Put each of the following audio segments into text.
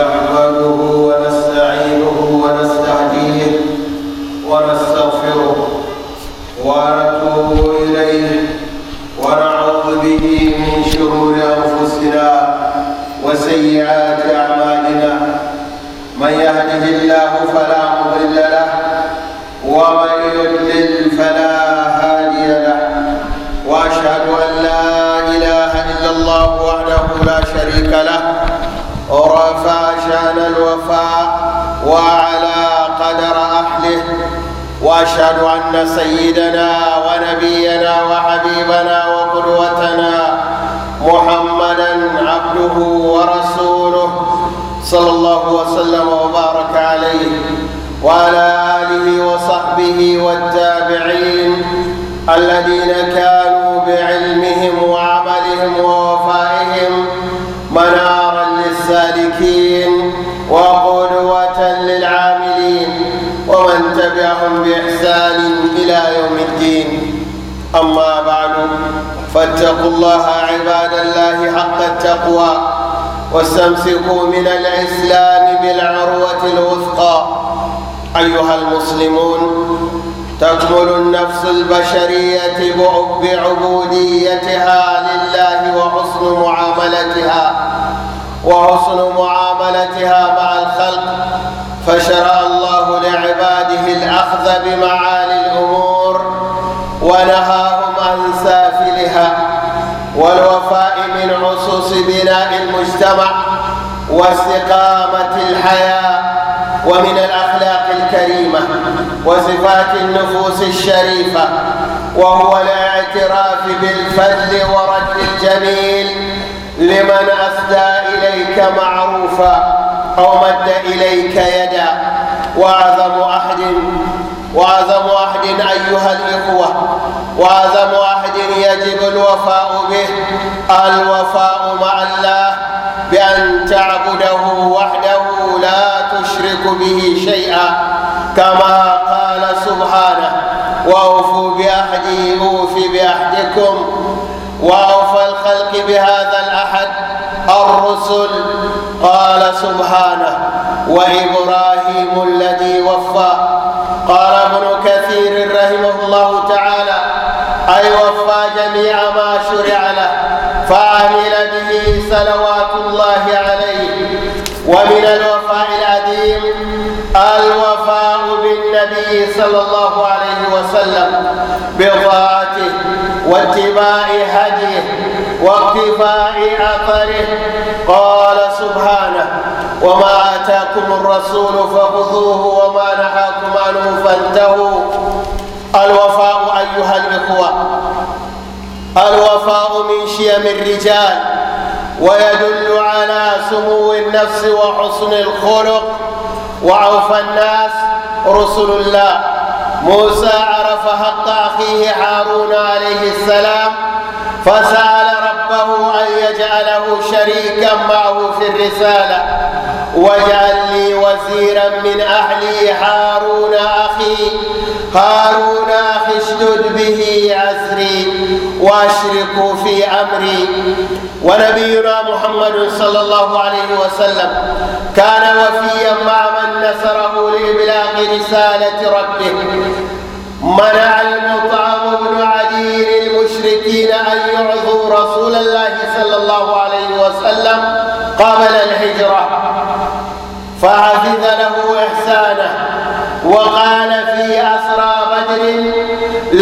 نحمده ونستعينه ونستهديه ونستغفره ونتوب إليه ونعوذ به من شرور أنفسنا وسيئات أعمالنا من يهده الله فلا مضل له ومن يضلل فلا هادي له واشهد ان لا اله الا الله وحده لا شريك له رفع كان الوفاء وعلى قدر أهله وأشهد أن سيدنا ونبينا وحبيبنا وقدوتنا محمدا عبده ورسوله صلى الله وسلم وبارك عليه وعلى آله وصحبه والتابعين الذين كانوا بعلمهم إلى يوم الدين أما بعد فاتقوا الله عباد الله حق التقوى واستمسكوا من الإسلام بالعروة الوثقى أيها المسلمون تكمل النفس البشرية بعبوديتها لله وحسن معاملتها وحسن معاملتها مع الخلق فشرع الله لعباده الأخذ بمعاملتها المجتمع واستقامة الحياة ومن الأخلاق الكريمة وصفات النفوس الشريفة وهو الاعتراف بالفضل ورد الجميل لمن أفدى إليك معروفا أو مد إليك يدا وأعظم أحد وأعظم أحد أيها الإخوة وأعظم أحد يجب الوفاء به الوفاء مع الله بأن تعبده وحده لا تشرك به شيئا كما قال سبحانه وأوفوا بأحدي أوف بأحدكم وأوفى الخلق بهذا الأحد الرسل قال سبحانه وإبراهيم الذي وفى قال ابن كثير رحمه الله تعالى أي وفى جميع ما شرع له فعمل صلوات الله عليه ومن الوفاء العديم الوفاء بالنبي صلى الله عليه وسلم بطاعته واتباع هديه واقتفاء اثره قال سبحانه وما اتاكم الرسول فخذوه وما نهاكم عنه فانتهوا الوفاء ايها الاخوه الوفاء من شيم الرجال ويدل على سمو النفس وحسن الخلق وعوف الناس رسل الله موسى عرف حق أخيه هارون عليه السلام فسأل ربه أن يجعله شريكا معه في الرسالة واجعل لي وزيرا من أهلي هارون أخي هارون أخي اشدد به عسري واشرك في أمري ونبينا محمد صلى الله عليه وسلم كان وفيا مع من نصره لإبلاغ رسالة ربه منع المطعم بن عدي للمشركين أن يعظوا رسول الله صلى الله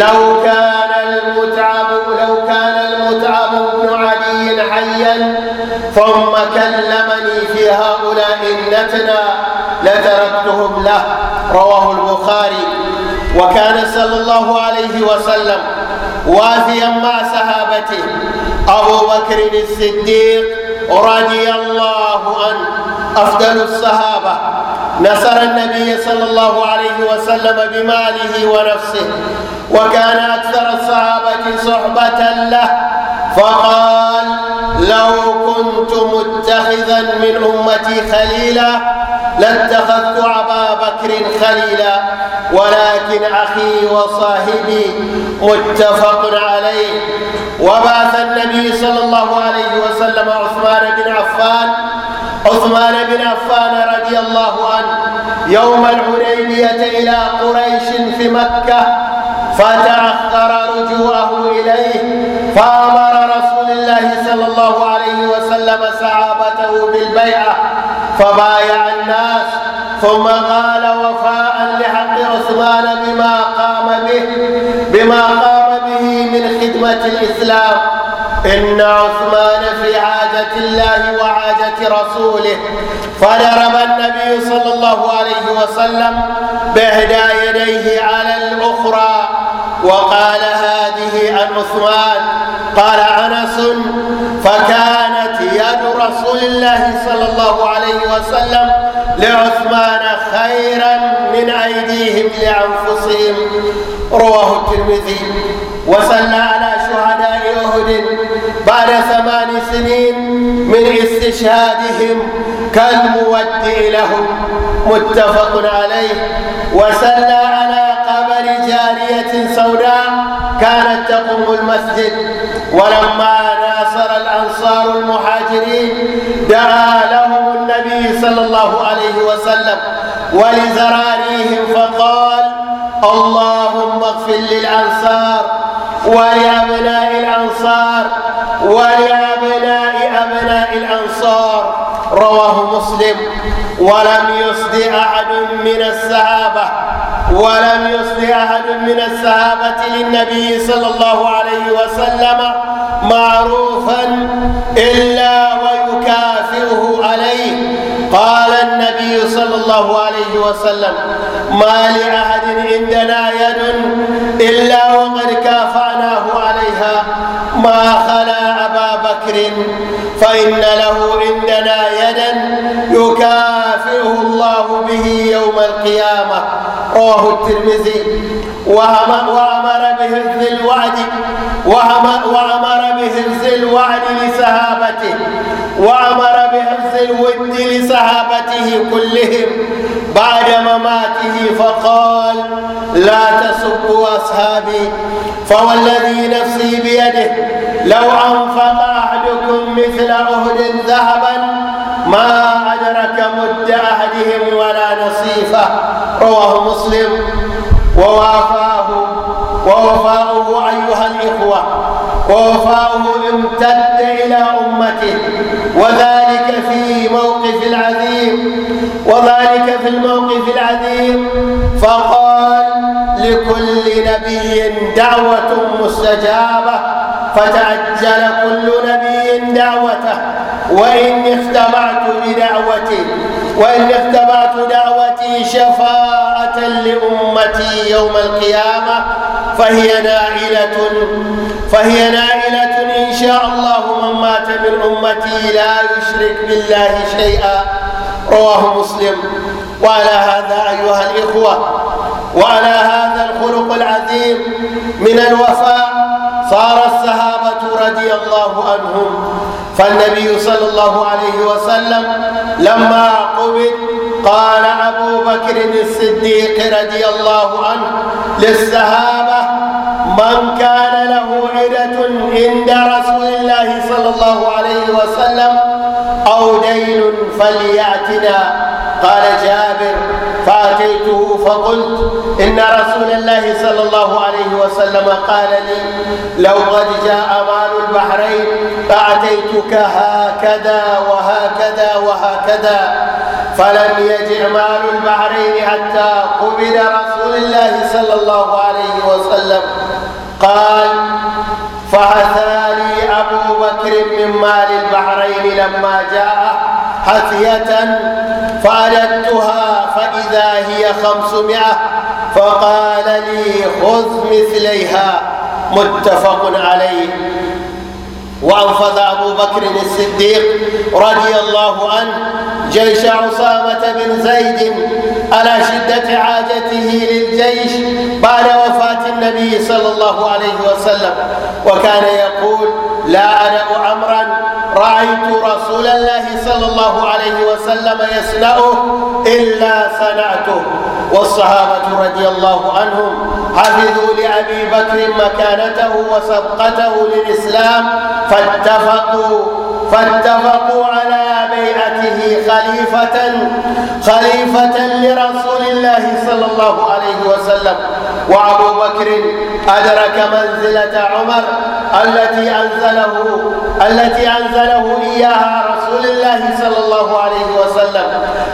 لو كان المتعب لو كان المتعب بن علي حيا ثم كلمني في هؤلاء النتنا لتركتهم له رواه البخاري وكان صلى الله عليه وسلم وافيا مع صحابته أبو بكر الصديق رضي الله عنه أفضل الصحابة نصر النبي صلى الله عليه وسلم بماله ونفسه وكان أكثر الصحابة صحبة له فقال لو كنت متخذا من أمتي خليلا لاتخذت أبا بكر خليلا ولكن أخي وصاحبي متفق عليه وبعث النبي صلى الله عليه وسلم عثمان بن عفان عثمان بن عفان رضي الله عنه يوم الحديبية إلى قريش في مكة فتأخر رجوعه إليه فأمر رسول الله صلى الله عليه وسلم صحابته بالبيعة فبايع الناس ثم قال وفاء لحق عثمان بما قام به بما قام به من خدمة الإسلام إن عثمان في عادة الله وعادة رسوله فضرب النبي صلى الله عليه وسلم بإحدى يديه على الأخرى وقال هذه عن عثمان قال انس فكانت يد رسول الله صلى الله عليه وسلم لعثمان خيرا من ايديهم لانفسهم رواه الترمذي وصلى على شهداء اهد بعد ثمان سنين من استشهادهم كالمودع لهم متفق عليه وصلى على جارية سوداء كانت تقوم المسجد ولما ناصر الأنصار المهاجرين دعا لهم النبي صلى الله عليه وسلم ولزراريهم فقال اللهم اغفر للأنصار ولأبناء الأنصار ولأبناء أبناء الأنصار رواه مسلم ولم يصد أحد من السحابة ولم يصل أحد من الصحابة للنبي صلى الله عليه وسلم معروفا إلا ويكافئه عليه قال النبي صلى الله عليه وسلم ما لأحد عندنا يد إلا وقد كافأناه عليها ما خلا أبا بكر فإن له عندنا يدا يكافئه الله به يوم القيامة رواه الترمذي وأمر به ذي الوعد وأمر بهز الوعد لسهابته وأمر بهز الود لسهابته كلهم بعد مماته فقال لا تسبوا أصحابي فوالذي نفسي بيده لو أنفق أحدكم مثل عهد ذهبا ما أدرك مد أحدهم ولا نصيفه رواه مسلم ووافاه ووفاؤه أيها الإخوة ووفاؤه امتد إلى أمته وذلك في موقف العظيم وذلك في الموقف العظيم فقال لكل نبي دعوة مستجابة فتعجل كل نبي دعوته وإني اختبعت بدعوتي وإن اتبعت دعوتي شفاعة لأمتي يوم القيامة فهي نائلة فهي نائلة إن شاء الله من مات من أمتي لا يشرك بالله شيئا رواه مسلم وعلى هذا أيها الإخوة وعلى هذا الخلق العظيم من الوفاء صار الصحابة رضي الله عنهم فالنبي صلى الله عليه وسلم لما قبض قال أبو بكر الصديق رضي الله عنه للصحابة من كان له عدة عند رسول الله صلى الله عليه وسلم أو دين فليأتنا قال جاء فأتيته فقلت إن رسول الله صلى الله عليه وسلم قال لي لو قد جاء مال البحرين فأتيتك هكذا وهكذا وهكذا فلم يجع مال البحرين حتى قبل رسول الله صلى الله عليه وسلم قال فهثاني أبو بكر من مال البحرين لما جاء حثية فاردتها هذا هي خمسمائة فقال لي خذ مثليها متفق عليه وأنفذ أبو بكر الصديق رضي الله عنه جيش عصامة بن زيد على شدة حاجته للجيش بعد وفاة النبي صلى الله عليه وسلم وكان يقول لا أدع أمرا رأيت رسول الله صلى الله عليه وسلم يسنأه إلا سنعته والصحابة رضي الله عنهم حفظوا لأبي بكر مكانته وسبقته للإسلام فاتفقوا فاتفقوا على بيعته خليفة خليفة لرسول الله صلى الله عليه وسلم وأبو بكر أدرك منزلة عمر التي أنزله التي أنزله إياها رسول الله صلى الله عليه وسلم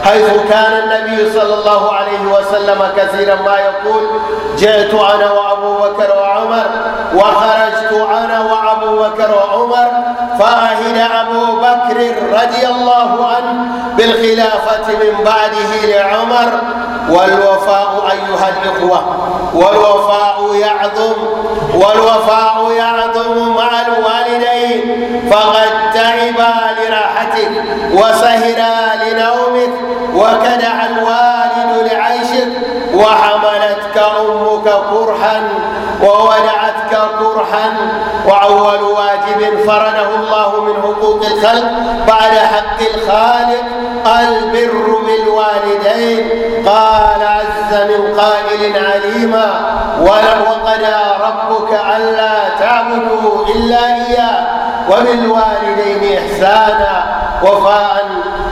حيث كان النبي صلى الله عليه وسلم كثيرا ما يقول جئت أنا وأبو بكر وعمر وخرجت أنا وأبو بكر وعمر فاهن أبو بكر رضي الله عنه بالخلافة من بعده لعمر والوفاء أيها الإخوة والوفاء يعظم والوفاء يعظم مع الوالدين فقد تعبا لراحتك وسهرا لنومك وكدع الوالد لعيشك وحملتك أمك قرحا وودعتك قرحا وأول واجب فرضه الله من حقوق الخلق بعد حق الخالق البر بالوالدين قال عز من قائل عليما قدى ربك ألا تعبدوا إلا إياه وبالوالدين إحسانا وفاء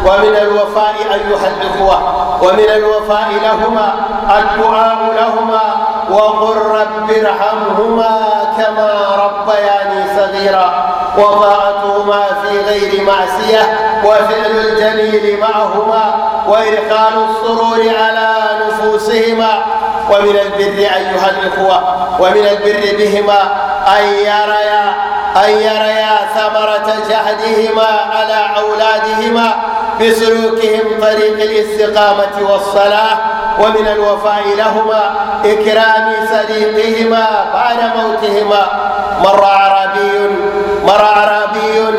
ومن الوفاء أيها الإخوة ومن الوفاء لهما الدعاء لهما وقل رب ارحمهما كما ربياني صغيرا وطاعتهما في غير معصية وفعل الجميل معهما وإرقان السرور على نفوسهما ومن البر أيها الإخوة ومن البر بهما أن يريا أن يريا ثمرة جهدهما على أولادهما بسلوكهم طريق الاستقامة والصلاة ومن الوفاء لهما إكرام صديقهما بعد موتهما مر أعرابي مر أعرابي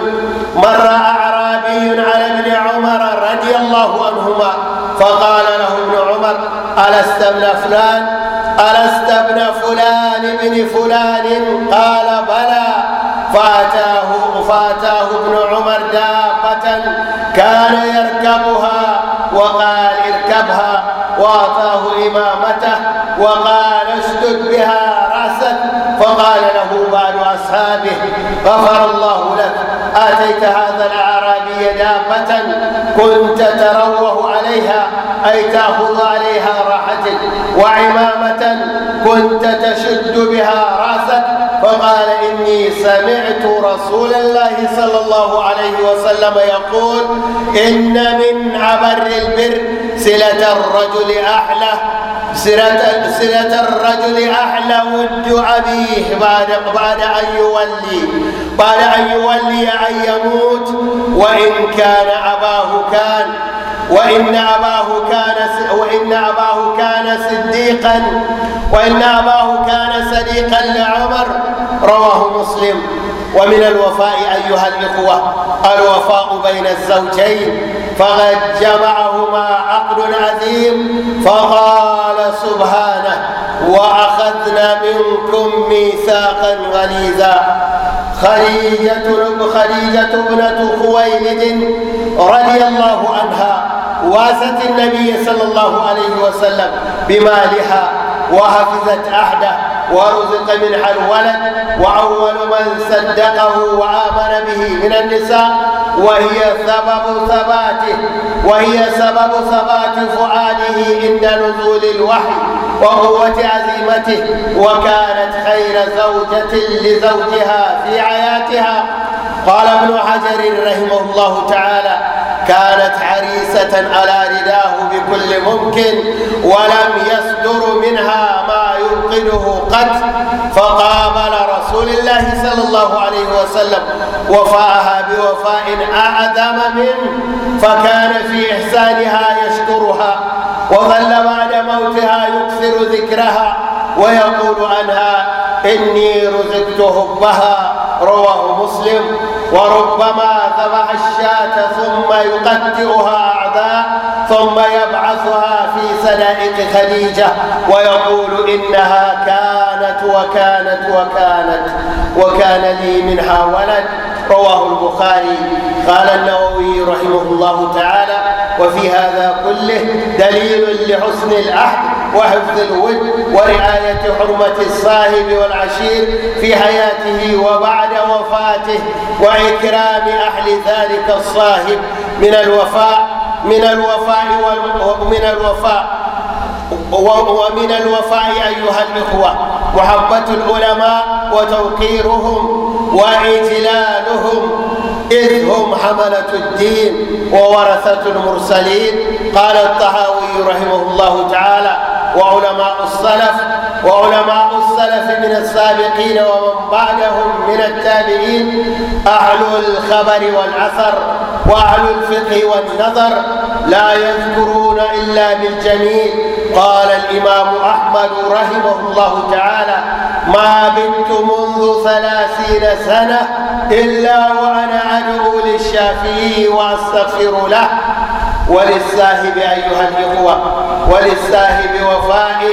مر أعرابي على ابن عمر رضي الله عنهما فقال له ابن عمر ألست ابن فلان ألست ابن فلان ابن فلان قال بلى فأتاه فأتاه ابن عمر دابة كان يركبها وقال الله إمامته وقال اسجد بها رأسك فقال له بعض أصحابه غفر الله لك آتيت هذا الأعرابي دابة كنت تروه عليها أي تأخذ عليها راحتك وعمامة كنت تشد بها رأسك سمعت رسول الله صلى الله عليه وسلم يقول إن من عبر البر صلة الرجل أحلى صلة, صلة الرجل أحلى ود أبيه بعد, بعد أن يولي بعد أن يولي أن يموت وإن كان أباه كان وإن أباه كان وإن أباه كان صديقا وإن أباه كان صديقا لعمر مسلم ومن الوفاء أيها الإخوة الوفاء بين الزوجين فقد جمعهما عقد عظيم فقال سبحانه وأخذنا منكم ميثاقا غليظا خديجة خديجة ابنة خويلد رضي الله عنها واست النبي صلى الله عليه وسلم بمالها وحفظت عهده ورزق منها الولد وأول من صدقه وآمن به من النساء وهي سبب ثباته وهي سبب ثبات فؤاده عند نزول الوحي وقوة عزيمته وكانت خير زوجة لزوجها في حياتها قال ابن حجر رحمه الله تعالى كانت عريسة على رداه بكل ممكن ولم يصدر منها ما يوقده قد فقابل رسول الله صلى الله عليه وسلم وفاءها بوفاء أعدم منه فكان في إحسانها يشكرها وظل بعد موتها يكثر ذكرها ويقول عنها إني رزقت حبها رواه مسلم وربما ذبح الشاة ثم يقتئها الملائكة خديجة ويقول إنها كانت وكانت وكانت وكان لي منها ولد رواه البخاري قال النووي رحمه الله تعالى وفي هذا كله دليل لحسن العهد وحفظ الود ورعاية حرمة الصاحب والعشير في حياته وبعد وفاته وإكرام أهل ذلك الصاحب من الوفاء من الوفاء ومن الوفاء ومن الوفاء أيها الإخوة محبة العلماء وتوقيرهم واعتلالهم إذ هم حملة الدين وورثة المرسلين قال الطهاوي رحمه الله تعالى وعلماء السلف وعلماء السلف من السابقين ومن بعدهم من التابعين أهل الخبر والأثر وأهل الفقه والنظر لا يذكرون إلا بالجميل قال الإمام أحمد رحمه الله تعالى ما بنت منذ ثلاثين سنة إلا وأنا أدعو للشافعي وأستغفر له وللساهب أيها الإخوة وللساهب وفاء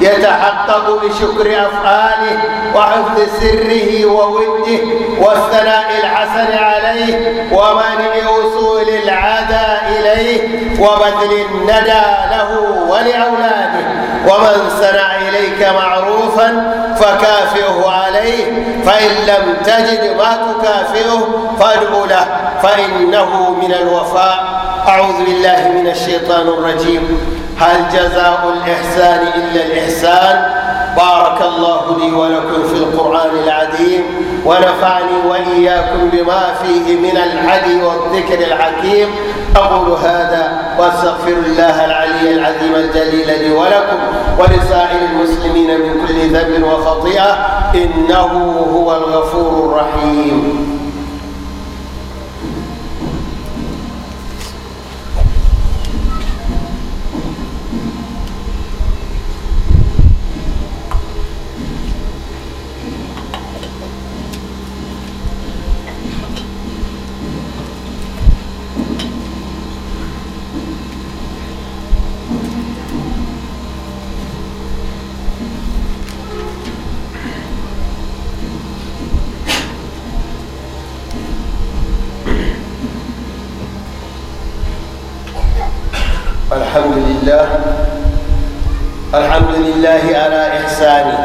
يتحقق بشكر أفعاله وحفظ سره ووده والثناء الحسن عليه ومنع وصول العدى إليه وبذل الندى له ولأولاده ومن صنع إليك معروفا فكافئه عليه فإن لم تجد ما تكافئه فادعو له فإنه من الوفاء أعوذ بالله من الشيطان الرجيم هل جزاء الإحسان إلا الإحسان بارك الله لي ولكم في القرآن العظيم ونفعني وإياكم بما فيه من العدي والذكر الحكيم أقول هذا وأستغفر الله العلي العظيم الجليل لي ولكم ولسائر المسلمين من كل ذنب وخطيئة إنه هو الغفور الرحيم الله الحمد لله على إحسانه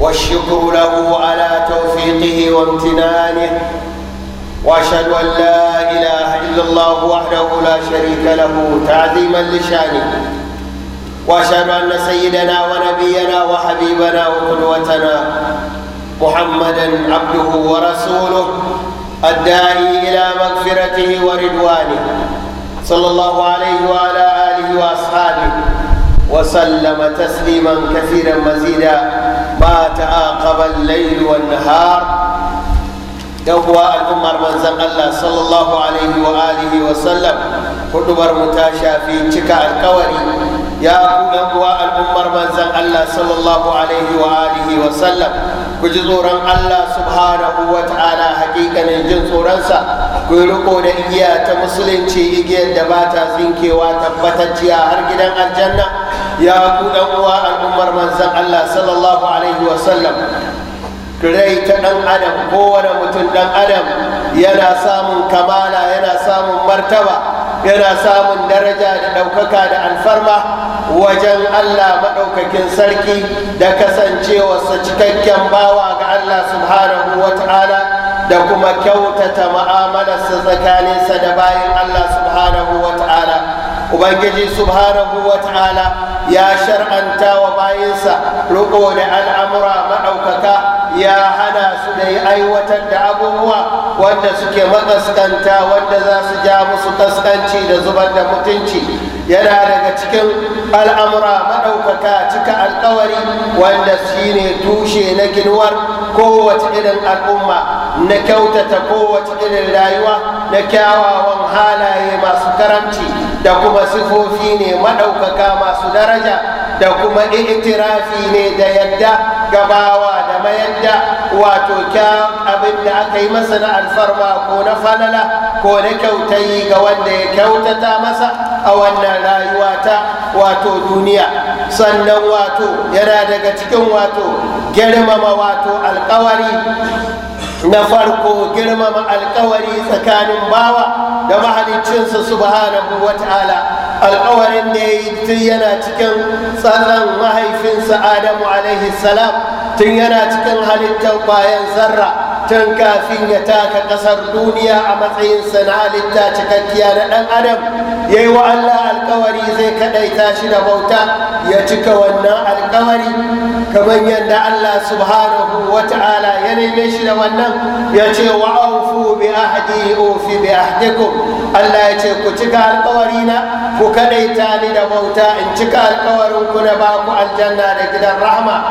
والشكر له على توفيقه وامتنانه وأشهد أن لا إله إلا الله وحده لا شريك له تعظيما لشانه وأشهد أن سيدنا ونبينا وحبيبنا وقدوتنا محمدا عبده ورسوله الداعي إلى مغفرته ورضوانه صلى الله عليه وعلى وأصحابه وسلم تسليما كثيرا مزيدا ما تعاقب الليل والنهار يهوى الأمر من زق الله صلى الله عليه وآله وسلم كتبر متاشا في شكا الكوري يا أبو الأمر من زق الله صلى الله عليه وآله وسلم ku ji tsoron Allah subhanahu wa ta'ala hakikanin jin tsoronsa ku yi riko da igiya ta musulunci igiyar da ba ta zinkewa tabbatacciya har gidan aljanna ya ku dan uwa al'ummar manzon Allah sallallahu alaihi wa sallam rai ta dan adam kowane mutum dan adam yana samun kamala yana samun martaba yana samun daraja da ɗaukaka da alfarma wajen Allah maɗaukakin sarki da kasancewarsa cikakken bawa ga Allah subhanahu wa ta'ala da kuma kyautata ma'amalarsa tsakaninsa da bayan Allah subhanahu wa ta'ala ubangiji subhanahu wa ta'ala ya shar'anta wa bayinsa riko da al'amura maɗaukaka ya hana su da yi aiwatar da abubuwa wanda suke makaskanta wanda za su ja musu kaskanci da zubar da mutunci yana daga cikin al'amura maɗaukaka cika alkawari wanda shi ne tushe na ginuwar kowace irin al'umma na kyautata kowace irin rayuwa na kyawawan halaye masu karamci da kuma sifofi ne maɗaukaka masu daraja da kuma itirafi ne da yadda gabawa da mayadda wato kya abin da aka yi masa na alfarma ko na falala ko na kyautayi ga wanda ya kyautata masa a wannan rayuwa ta wato duniya sannan wato yana daga cikin wato girmama wato alkawari na farko girmama alkawari tsakanin bawa da mahaliccinsa subhanahu wata'ala alkawarin da ya yi tun yana cikin tsatsan mahaifinsa adamu alaihi salam tun yana cikin halittar bayan zarra تنكا في نتاك قصر دنيا عمثين سنعى للتاتك الكيانة الأنم يهو ألا القواري زيك نيتاش نبوتا يتك ونا القواري كمن يندى الله سبحانه وتعالى يني ميشن ونا يتي وعوفوا بأحدي أوفي بأحدكم ألا يتيك تكا القوارينا فك نيتاني نبوتا انتكا القوارون كنباكو الجنة لكذا الرحمة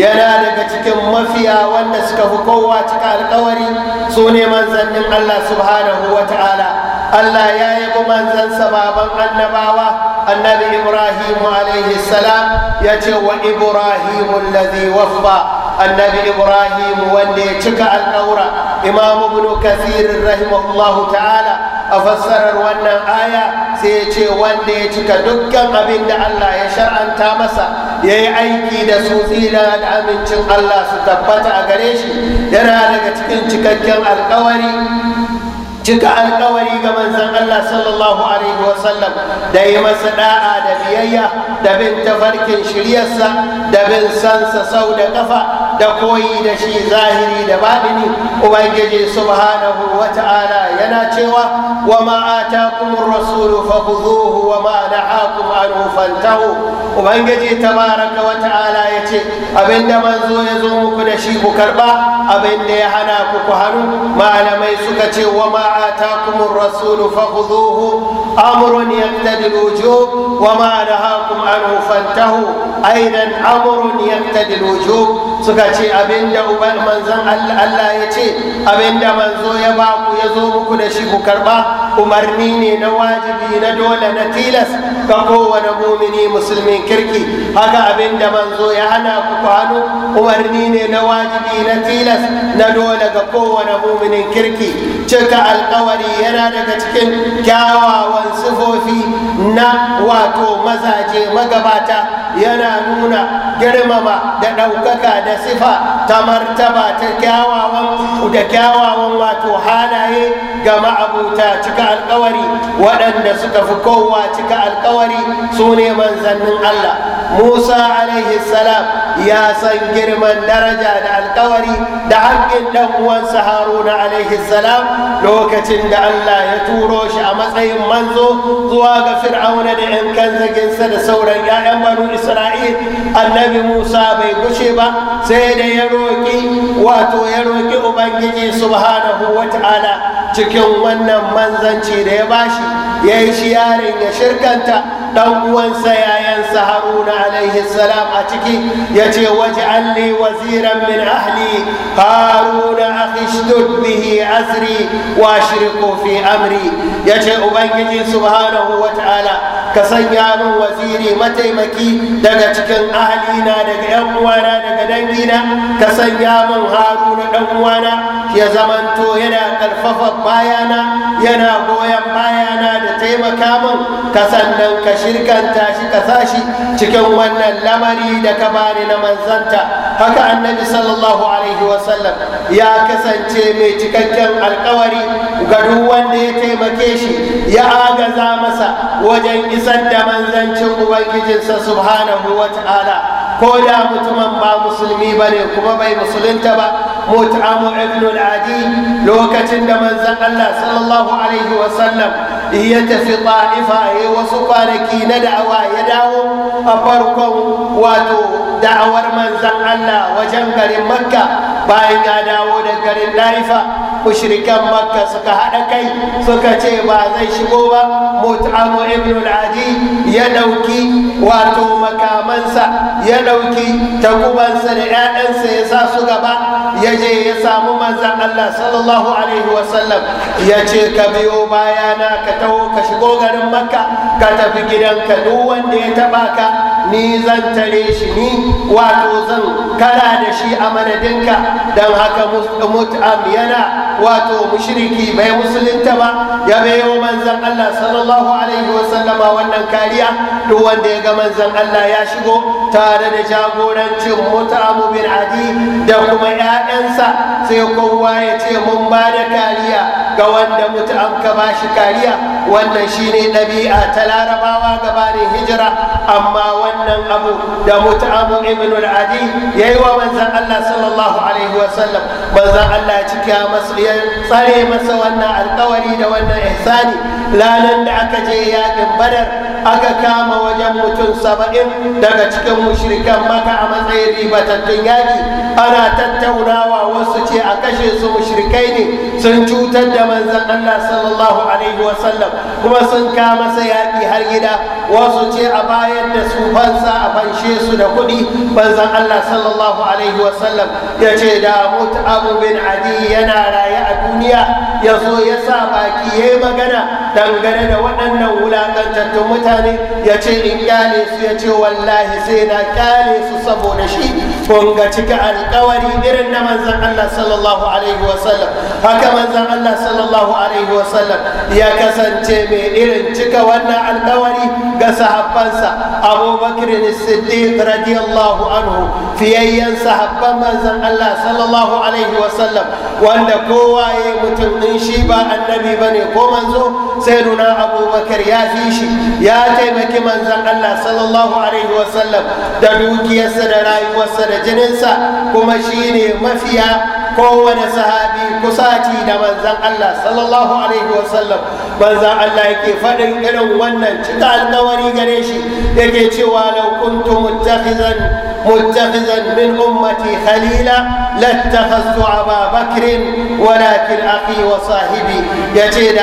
yana daga cikin mafiya wanda suka fi kowa cika alkawari su ne manzannin Allah subhanahu wa ta'ala Allah ya yi yabi manzansa baban annabawa annabi Ibrahim alaihi salam ya ce wa Ibrahim alladhi waffa النبي إبراهيم ولي تكع الأورا إمام ابن كثير رحمه الله تعالى أفسر وانا آية سيتي ولي تكع دكا قبل الله يشرع تامسا يي أيكي دسوسي لا الله ستبتع قريش يرى لك تكن تكع الأوري تكع الأوري كما الله صلى الله عليه وسلم دائما سداء دبيايا دبن تفرك شليسا دبن سانسا سودا كفا da koyi da shi zahiri da baɗini ubangiji subhanahu wa ta'ala yana cewa wa ma atakumur rasulu fakhuduhu wa ma nahakum anhu fantahu ubangiji tabaraka wa ta'ala yace abinda manzo ya zo muku da shi ku karba abinda ya hana ku ku hanu malamai suka ce wa ma atakumur rasulu fakhuduhu امر يقتضي الوجوب وما نهاكم عنه فانتهوا ايضا امر يقتضي الوجوب suka ce abinda uban manzon Allah ya ce abinda manzo ya ba ku ya zo muku da shi ku karba umarni ne na wajibi na dole na tilas ga kowane mumini musulmin kirki haka abinda manzo ya hana ku hannu umarni ne na wajibi na tilas na dole ga kowane muminin kirki cika alkawari yana daga cikin kyawawan sifofi na wato mazaje magabata yana nuna girmama da ɗaukaka da sifa صفة تمرتبة تكاوى وتكاوى واتو حالاي جمع بوتا تكا القوري ودن سكف كوى تكا القوري سوني من زن الله موسى عليه السلام يا سنجر من درجة على القوري دعاق اللقوان سهارون عليه السلام لوكة اند الله يتوروش أمسعي منزو ضواق فرعون لعن كنز جنسة سورة يا أمر إسرائيل النبي موسى بيقشبة سيد يروكي واتو يروكي أبنجي سبحانه وتعالى تكون من منزن تيريباشي يا إشيارين يا شركة dan uwansa sa haruna alaihi salam a ciki ya ce waj'alni waziran min ahli haruna akhishdud bihi azri wa ashriku fi amri ya ce ubangiji subhanahu wa ta'ala كسيان وزيري ماتي مكي متيمكي دغتك أهلينا دغ أموانا دغ دنجينا كسيان هارون أموانا يا زمن تو هنا الففا بايانا ينا بويا بايانا دتيما كامو كسنن كشركان تاشي كساشي تكون من اللمري دكباري نمزنتا haka annabi sallallahu alaihi wasallam ya kasance mai cikakken alkawari ga duk wanda ya taimake shi ya agaza masa wajen isar da manzancin ubangijinsa subhanahu wa ta'ala ko da mutumin ba musulmi bane kuma bai musulunta ba مطعم ابن العدي لوكت من زقل صلى الله عليه وسلم هي في طائفة هي وصفارك ندعوا يدعوا أفركم واتو دعوا من زقل وجنقل مكة باين يا داود قرين مشركان مكة سكهانكي سكتي بازي شبوبا متعام ابن العدي ينوكي واتو مكامنسا ينوكي تقوبا سنعان سيسا سكبا يجي يسا ممنزا الله صلى الله عليه وسلم يجي كبيو بايانا كتو كشبوغا مكة كتفكرا كدوان مكة ni zan tare shi ni wato zan kara da shi a manadinka don haka mut'am yana wato mushriki bai musulunta ba ya bayo manzan Allah sallallahu alaihi wasallama wannan kariya duk wanda ya ga manzan Allah ya shigo tare da jagorancin mut'am bin adi da kuma 'ya'yansa sai kowa ya ce mun ba da kariya ga wanda mut'am ka ba shi kariya wannan shine ɗabi'a ta larabawa gabanin hijira amma wannan wannan abu da mut'amu ibn al-adi yayi wa manzon Allah sallallahu alaihi wa sallam manzon Allah ya cika masa ya tsare masa wannan alƙawari da wannan ihsani lanan da aka je yakin badar aka kama wajen mutum saba'in daga cikin mushrikan maka a matsayin ribatattun yaki ana tattaunawa wasu ce a kashe su mushrikai ne sun cutar da manzon Allah sallallahu alaihi wa sallam kuma sun kama sa yaƙi har gida wasu ce a bayar da su fansa a fanshe su da kudi banzan Allah sallallahu alaihi wasallam ya ce da mut abu bin adi yana raye a duniya yazo ya sa baki yayi magana dangane da waɗannan wulakantattun mutane ya ce in kyale su ya ce wallahi sai na kyale su saboda shi kun ga cika alƙawari irin na manzan Allah sallallahu alaihi wasallam haka manzan Allah sallallahu alaihi wasallam ya kasance mai irin cika wannan alƙawari كسحبان أبو بكر الصديق رضي الله عنه في أي سحبان مازن الله صلى الله عليه وسلم وأن قوة متنشي با النبي بني قومانزو سيدنا أبو بكر يا فيشي يا تيمك زال الله صلى الله عليه وسلم دلوكي يسر رأي وسر جننسا كما شيني مفيا kowane sahabi kusaci da manzan Allah sallallahu alaihi wasallam manzan Allah yake faɗin irin wannan cika alkawari gare shi yake cewa lau kuntum muttakhizan متخذا من أمتي خليلا لاتخذت أبا بكر ولكن أخي وصاحبي يتي دا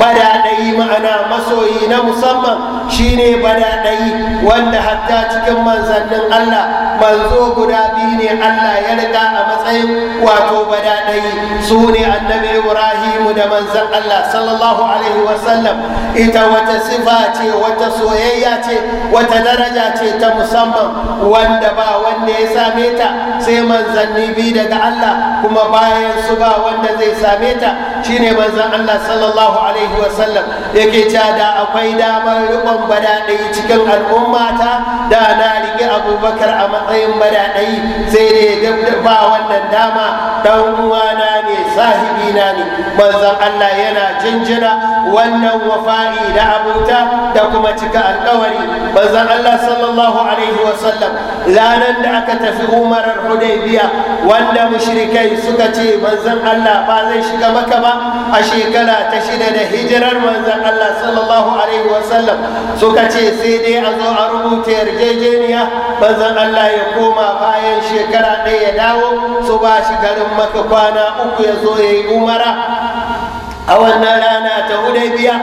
بدا دي معنا مسوي نمسمى شيني بدا دي وانا حتى تكمل منزل الله منزوق دابيني الله يلقى أمسعين واتو بدا دي سوني النبي إبراهيم دا منزل الله صلى الله عليه وسلم إتا وتصفاتي وتصوياتي وتدرجاتي تمسمى wanda ba wanda ya same ta sai manzanni bi daga Allah kuma bayan su ba wanda zai same ta shine manzan Allah sallallahu alaihi wasallam yake cewa da akwai damar rikon badaɗai cikin al'ummata da na riƙe abubakar a matsayin badaɗai sai dai ba wannan dama dan uwana ne sahibina ne manzan Allah yana jinjina wannan wafa'i da abuta da kuma cika alƙawari manzan Allah sallallahu alaihi wasallam ranar da aka tafi umarar hudaybiya wanda mushrikai suka ce manzon Allah ba zai shiga maka ba a shekara ta shida da hijirar manzon Allah sallallahu alaihi wasallam suka ce sai dai a zo a rubuta yarjejeniya manzon Allah ya koma bayan shekara ɗaya ya dawo su ba shi garin maka kwana uku ya zo ya yi umara a wannan rana ta hudaybiya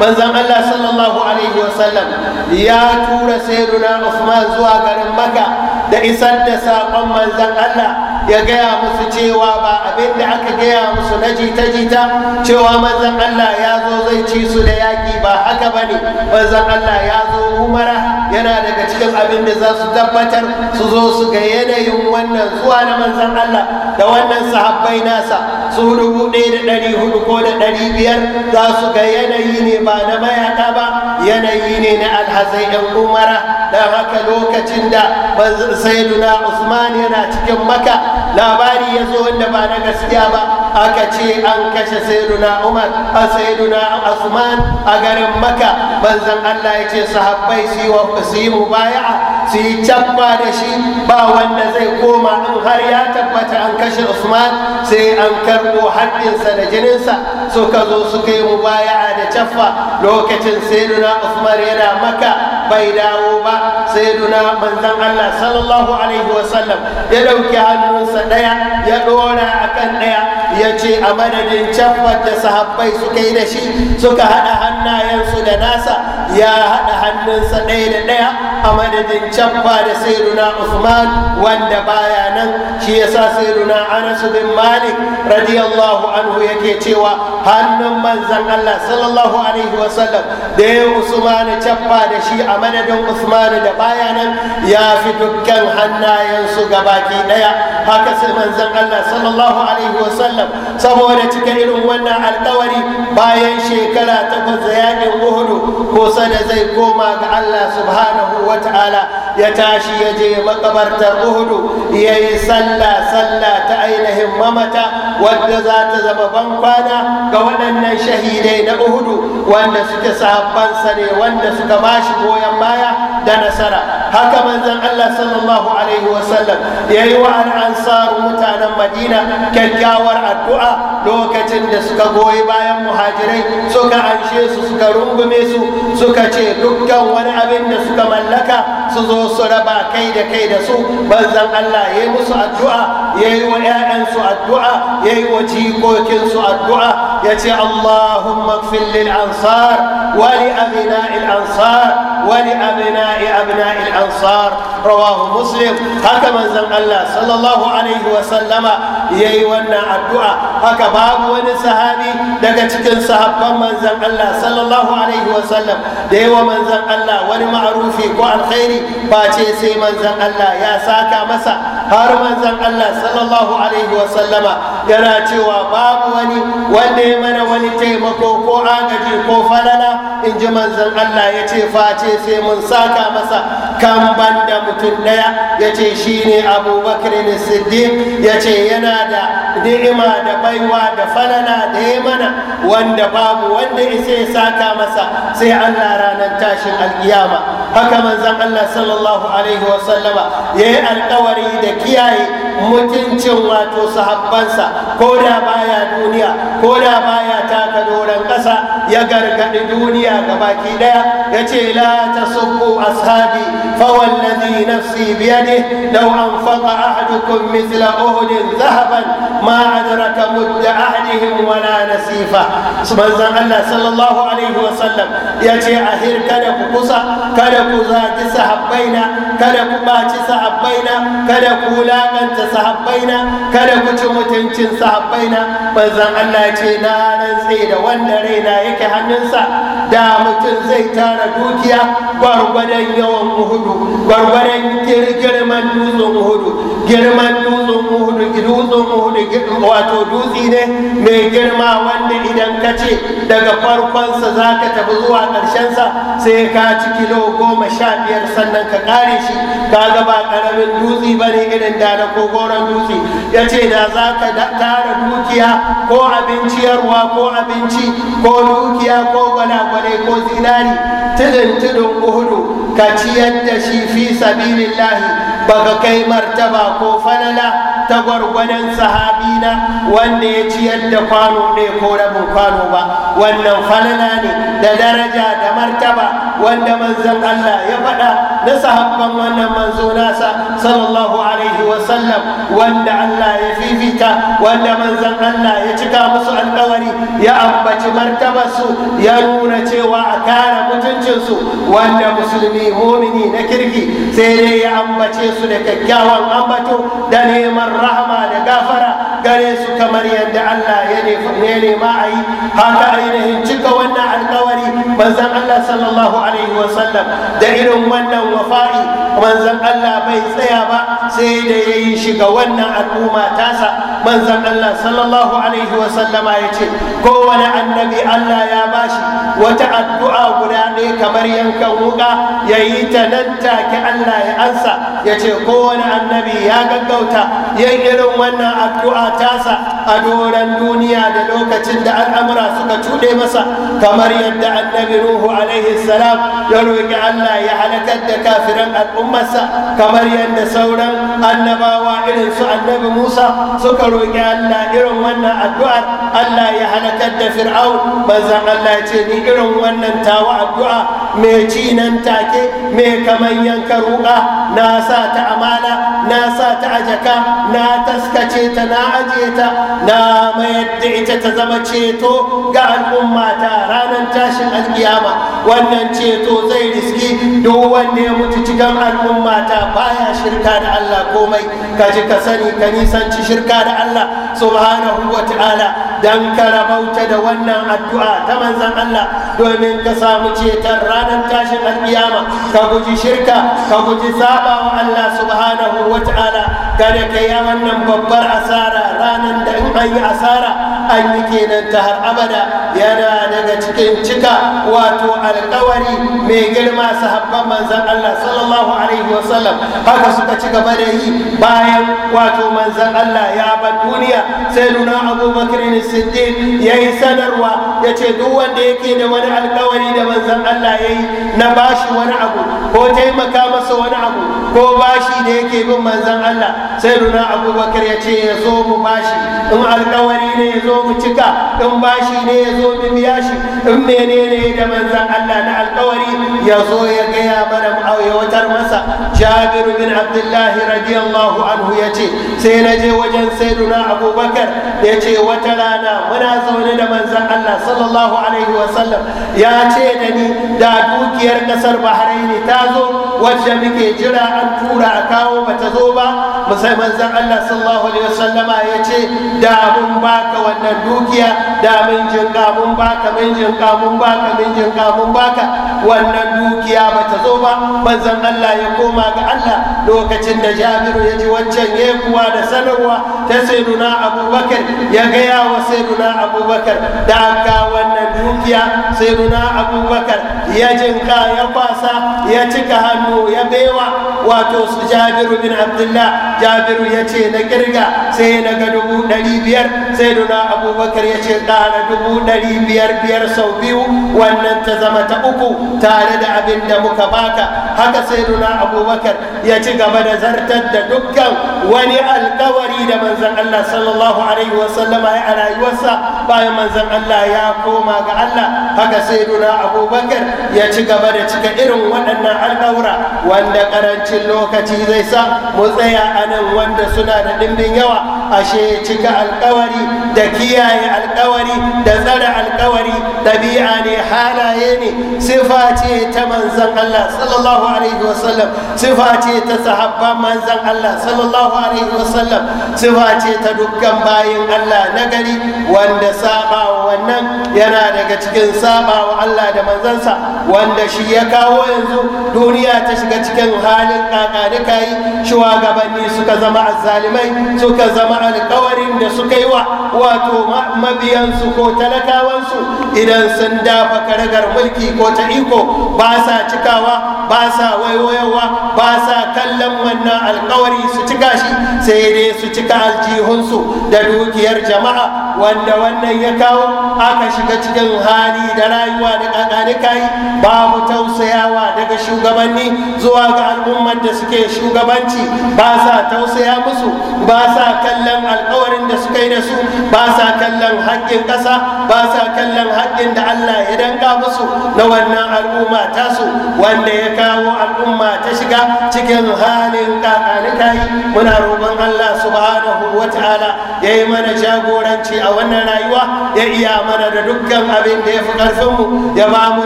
manzon Allah sallallahu alaihi wasallam ya tura sayyiduna Usman zuwa garin Makka da isar da saƙon manzon Allah ya gaya musu cewa ba abin da aka gaya musu na jita-jita cewa manzan Allah ya zo zai ci su da yaƙi ba haka ba ne manzan Allah ya zo umara yana daga cikin abin da za su tabbatar su zo su ga yanayin wannan zuwa na manzan Allah da wannan sahabbai nasa su dubu ɗaya da ɗari hudu ko da ɗari biyar za su ga yanayi ne ba na mayaƙa ba yanayi ne na alhazai ɗan umara da haka lokacin da sayyiduna usman yana cikin maka labari ya zo wanda ba na gaskiya ba aka ce an kashe sayyiduna umar a sayyiduna usman a garin makka manzon allah yace sahabbai su wa su yi mubaya'a su yi cabba da shi ba wanda zai koma in har ya tabbata an kashe usman sai an karbo haddinsa da jininsa suka zo suka yi mubaya'a da caffa lokacin sayyiduna usman yana makka bai dawo ba سيدنا منزل الله صلى الله عليه وسلم يدوك عن نوسى ديا يدونا أكن ديا ya ce a madadin can wanda sahabbai suka yi da shi suka haɗa hannayensu da nasa ya haɗa hannunsa ɗaya da ɗaya a madadin can da sayyiduna usman wanda baya nan shi yasa sayyiduna anas bin malik radiyallahu anhu yake cewa hannun manzan allah sallallahu alaihi wasallam da ya usman cappa da shi a madadin usman da baya nan ya fi dukkan hannayensu gabaki ɗaya haka sai manzan allah sallallahu alaihi wasallam wasallam saboda cika irin wannan alkawari bayan shekara takwas da yakin uhudu kusa da zai koma ga allah subhanahu wata'ala ya tashi ya je makabartar uhudu ya yi salla sallah ta ainihin mamata wadda za ta zama ban kwana ga waɗannan shahidai na uhudu wanda suke sahabbansa ne wanda suka bashi goyon baya da nasara haka manzon Allah sallallahu alaihi wasallam ya yi wa al'ansaru mutanen Madina kyakkyawar addu'a lokacin da suka goyi bayan muhajirai suka anshe su suka rungume su suka ce dukkan wani abin da suka mallaka suzo su raba kai da kai da su manzon Allah yayi musu addu'a yayi wa wa su addu'a ya yi wa su addu'a yace Allahumma ighfir lil ansar wa li abna'i al ansar wa li abna'i abna'i al ansar rawahu muslim haka manzon Allah sallallahu alaihi wa sallama yayi wannan addu'a haka babu wani sahabi daga cikin sahabban manzon Allah sallallahu alaihi wa sallam da yawa wa manzon Allah wani ma'rufi ko alkhairi face sai manzon Allah ya saka masa har manzon Allah sallallahu alaihi wasallama yana cewa babu wani wanda ya mana wani taimako ko agaji ko falala in ji manzon Allah ya ce face sai mun saka masa kan banda mutum daya ya ce shi ne abubakar ne siddiq ya ce yana da ni'ima da baiwa da falala da ya mana wanda babu wanda isa ya saka masa sai Allah ranar tashin alkiyama haka manzon Allah sallallahu alaihi wa sallama yayi alƙawari da kiyaye mutuncin wato sahabbansa ko da baya duniya ko da baya taka doron ƙasa ya gargadi duniya gabaki ɗaya ya ce la tasubbu ashabi fa wallazi nafsi bi biyadihi law anfaqa ahadukum mithla uhudin dhahaban ma adraka mudda ahadihim wala nasifa manzon Allah sallallahu alaihi wa sallam yace ahir kada ku kusa kada ku zaki sahabbaina kada ku ɓaci sahabbaina kada ku wulaƙanta sahabbaina kada ku ci mutuncin sahabbaina manzon Allah ce na rantse da wanda raina yake hannunsa da mutum zai tara dukiya gwargwadon yawan uhudu gwargwadon girman dutsen uhudu girman dutsen uhudu dutsen uhudu wato dutse ne mai girma wanda idan ka ce daga farkonsa za ka tafi zuwa ƙarshensa sai ka ci kilo goma goma sha biyar sannan ka kare shi kaga ba karamin dutse ba ne irin da na kogoron dutse ya ce da za ka tara dukiya ko abinciyarwa ko abinci ko dukiya ko gwalagwale ko zinari tudun tudun uhudu ka ciyar da shi fi sabilillahi baka kai martaba ko falala ta gwargwadon sahabina wanda ya ciyar da kwano ɗaya ko rabin kwano ba wannan falala ne da daraja da martaba wanda manzon Allah Allah ya faɗa na sahabban wannan manzo nasa sallallahu alaihi sallam wanda Allah ya fifita wanda manzon Allah ya cika musu alƙawari ya ambaci martabarsu ya nuna cewa a kare mutuncinsu wanda musulmi mumini na kirki sai dai ya ambace su da kyakkyawan ambato da neman rahama da gafara gare su kamar yadda Allah ya nema a yi haka ainihin cika wannan alkawari manzon Allah sallallahu alaihi wasallam da irin wannan wafa'i manzon Allah bai tsaya ba sai da yayi shiga wannan al'umma tasa manzon Allah sallallahu alaihi wasallama yace ce kowane annabi Allah ya bashi wata addu'a ne kamar yankan wuka ya yi ta nan take Allah ya ansa ya ce kowane annabi ya gaggauta yin irin wannan addu'a tasa a doran duniya da lokacin da al'amura suka tude masa kamar yadda annabi ruhu alaihi salam ya roƙi Allah ya halakar da kafiran al'ummarsa kamar yadda sauran annabawa irin su annabi Musa suka roƙi Allah irin wannan addu'ar Allah ya halakar da Fir'aun manzon Allah ya ce ni irin wannan tawa addu'a ru'a mai ci nan take mai kaman yanka ru'a na sa ta amana na sa ta a jaka na taskace ta na ajiye ta na mayar da ita ta zama ceto ga al'umma ta tashin alkiyama wannan ceto zai riski duk wanda ya mutu cikin al'umma baya shirka da Allah komai ka ji ka sani ka nisanci shirka da Allah subhanahu wa ta'ala dan ka rabauta da wannan addu'a ta manzon Allah domin ka samu ceton ranar tashin alkiyama ka guji shirka ka guji saba wa Allah subhanahu wa ta'ala kada ka yi wannan babbar asara ranar da in an yi asara an yi kenan ta har abada yana daga cikin cika wato alkawari mai girma sahabban manzan Allah sallallahu alaihi wasallam haka suka ci gaba da yi bayan wato manzan Allah ya bar duniya sai nuna abubakar siddiq ya yi sanarwa ya ce duk wanda yake da wani alkawari da manzan Allah ya yi na bashi wani abu ko taimaka masa wani abu ko bashi da yake bin manzon Allah sai runa abubakar ya ce ya zo mu bashi in alkawari ne ya zo mu cika in bashi ne ya zo mu biya shi in menene da manzon Allah na alkawari ya zo ya gaya mana ya watar masa jabir bin abdullahi radiyallahu anhu ya ce sai na je wajen sayyiduna abubakar ya ce wata rana muna zaune da manzon Allah sallallahu alaihi wasallam ya ce da ni da dukiyar kasar bahrain ta ta zo wacce muke jira an tura a kawo bata zo ba musai manzan Allah sallallahu alaihi wasallama ya ce da mun baka wannan dukiya da mun jinka mun baka mun jinka mun baka mun jinka mun baka wannan dukiya bata zo ba manzan Allah ya koma ga Allah lokacin da Jabiru ya ji wancan ya kuwa da sanarwa ta sayyiduna Abubakar ya gaya wa sayyiduna Abubakar da aka wannan dukiya sayyiduna Abubakar ya jinka ya kwasa ya يتكهنو يبيوا واتوس جابر بن عبد الله جابر يتي نكرغا سينا غدو نليبير سيدنا ابو بكر يتي قال دبو نليبير بير سو بيو وان انت زما تبكو تارد ابن دمك باكا هكا سيدنا ابو بكر يتي غبد زرتد دكا ولي القوري من زن الله صلى الله عليه وسلم اي على يوسا باي من زن الله يا كوما غ الله هكا سيدنا ابو بكر يتي غبد تشك ايرون وان النورة وأنا قرنت اللوكة تيزيسا مزيا أنا وأنا سنة دمدن يوا أشي تكا القواري دكيا القواري دزرع القواري دبيعاني حالا يني صفاتي تمنزق الله صلى الله عليه وسلم صفاتي تسحب منزق الله صلى الله عليه وسلم صفاتي تدقى باين الله نقري وأنا ساقا وأنا ينادك تكن ساقا وعلا دمنزنسا وأنا شيكا وينزو duniya ta shiga cikin halin kakanika yi shugabanni suka zama azzalimai suka zama alkawarin da suka yi wa wato mabiyansu ko talakawansu idan sun dafa karagar mulki ko ta iko ba sa cikawa ba sa waiwayowa ba sa kallon wannan alkawari su cika shi sai dai su cika aljihunsu da dukiyar jama'a wanda wannan ya kawo aka shiga cikin hali da rayuwa da kakanika yi babu tausayawa daga shi shugabanni zuwa ga al'ummar da suke shugabanci ba sa tausaya musu ba sa kallon alkawarin da suka yi da su ba sa kallon haƙƙin ƙasa ba sa kallon haƙƙin da allah ya danga musu na wannan al'umma tasu wanda ya kawo al'umma ta shiga cikin halin kakanikayi muna roƙon allah subhanahu wa ta'ala ya yi mana jagoranci a wannan rayuwa ya iya mana da dukkan abin da ya fi ƙarfinmu ya ba mu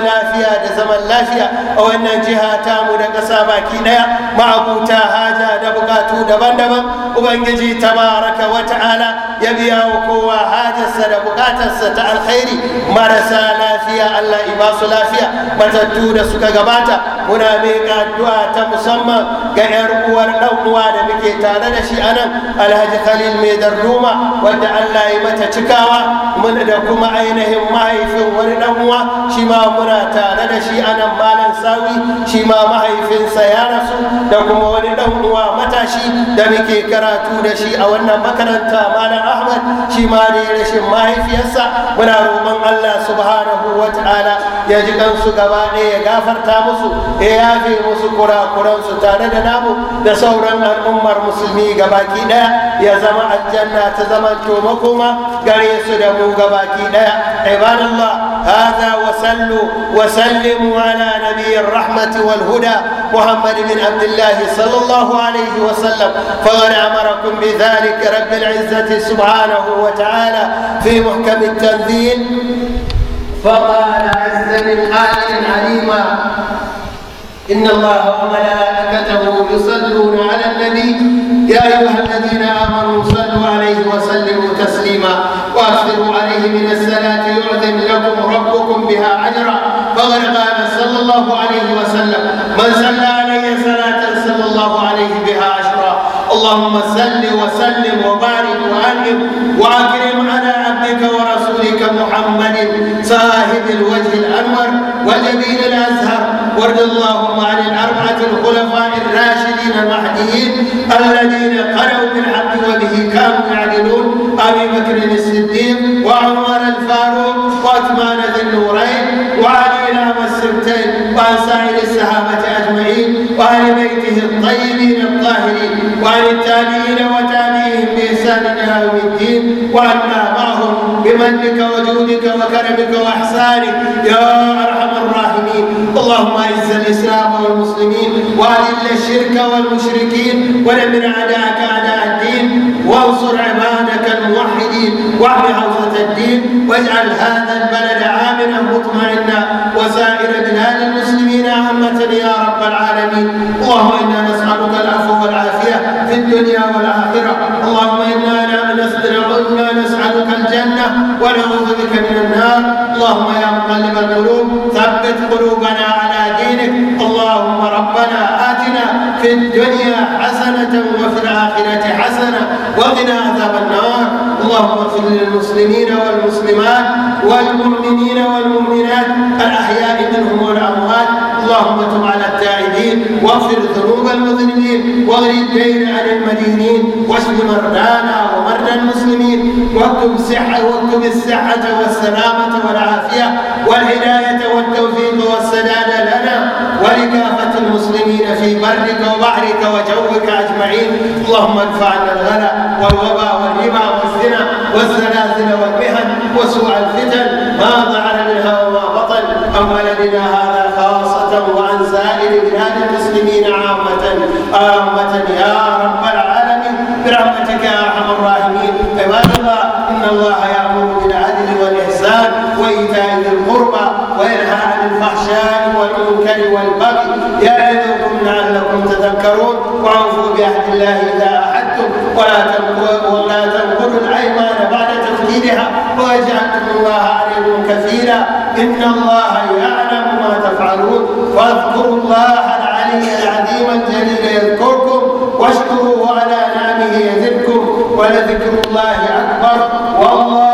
lafiya da zaman lafiya a wannan jiha jiha tamu da ƙasa baki daya ma'abuta haja da bukatu daban-daban ubangiji tabaraka wa ta'ala ya biya wa kowa hajarsa da bukatarsa ta alkhairi marasa lafiya allah ibasu lafiya matattu da suka gabata muna miƙa addu'a ta musamman ga 'yar uwar ɗan uwa da muke tare da shi anan alhaji khalil mai darduma wanda allah ya mata cikawa muna da kuma ainihin mahaifin wani ɗan uwa shi ma muna tare da shi anan malam sawi shi ma mahaifinsa ya rasu da kuma wani ɗan uwa matashi da muke karatu da shi a wannan makaranta malam ahmad shi ma ne rashin mahaifiyarsa muna roƙon allah subhanahu wa ta'ala ya ji kansu gaba ɗaya ya gafarta musu ya yafe musu kurakuransu tare da namu da sauran al'ummar musulmi gabaki daya ya zama aljanna ta zama to gare su da mu gabaki daya ibadallah هذا وسلوا وسلموا على نبي الرحمة والهدى محمد بن عبد الله صلى الله عليه وسلم فقد أمركم بذلك رب العزة سبحانه وتعالى في محكم التنزيل فقال عز من قائل عليما إن الله وملائكته يصلون على النبي يا أيها الذين آمنوا صلوا عليه وسلموا تسليما وأخبروا عليه من الصلاة يعظم لكم ربكم بها أجرا فقد قال صلى الله عليه وسلم من صلى علي صلاة صلى الله عليه بها عشرا اللهم صل وسلم وبارك وأنعم وأكرم على عبدك ورسولك محمد صاحب الوجه الأنور والجبين الأزهر وارض اللهم عن الأربعة الخلفاء الراشدين المهديين الذين قروا بالحق وبه كانوا يعدلون أبي بكر الصديق وعمر الفاروق وعثمان ذي النورين وعلي الأمة السبتين وعن سائر الصحابة أجمعين وأهل بيته الطيبين الطاهرين وعن التابعين وتابعيهم بإحسان إلى يوم الدين وعن بمنك وجودك وكرمك وإحسانك يا أرحم الراحمين اللهم أعز الإسلام والمسلمين وأذل الشرك والمشركين ودمر أعداءك أعداء الدين وانصر عبادك الموحدين واحمي حوزة الدين واجعل هذا البلد آمنا مطمئنا وسائر بلاد المسلمين عامة يا رب العالمين اللهم إنا نسألك العفو والعافية في الدنيا والآخرة ونعوذ بك من النار اللهم يا مقلب القلوب ثبت قلوبنا على دينك اللهم ربنا آتنا في الدنيا حسنة وفي الآخرة حسنة وقنا عذاب النار اللهم اغفر للمسلمين والمسلمات والمؤمنين والمؤمنات الأحياء منهم والأموات اللهم تب على التائبين واغفر ذنوب المذنبين واغرب الدين عن المدينين واشف مرضانا ومرضى المسلمين وانتم الصحة وانتم الصحة والسلامة والعافية والهداية والتوفيق والسداد لنا ولكافة المسلمين في برك وبحرك وجوك أجمعين اللهم ادفع عنا الغلا والوبا والربا والزنا والزلازل والمهن وسوء الفتن ما ظهر منها وما بطن اما لدينا هذا خاصة وعن سائر بلاد المسلمين عامة عامة يا رب العالمين برحمتك يا الله يأمر بالعدل والإحسان وإيتاء ذي القربى وينهى عن الفحشاء والمنكر والبغي يعظكم لعلكم تذكرون وأوفوا بعهد الله إذا أحدتم ولا ولا تنقلوا الأيمان بعد تفكيرها وجعلتم الله عليكم كثيرا إن الله يعلم ما تفعلون واذكروا الله العلي العظيم الجليل يذكركم واشكروه على نعمه يزدكم ولذكر الله أكبر والله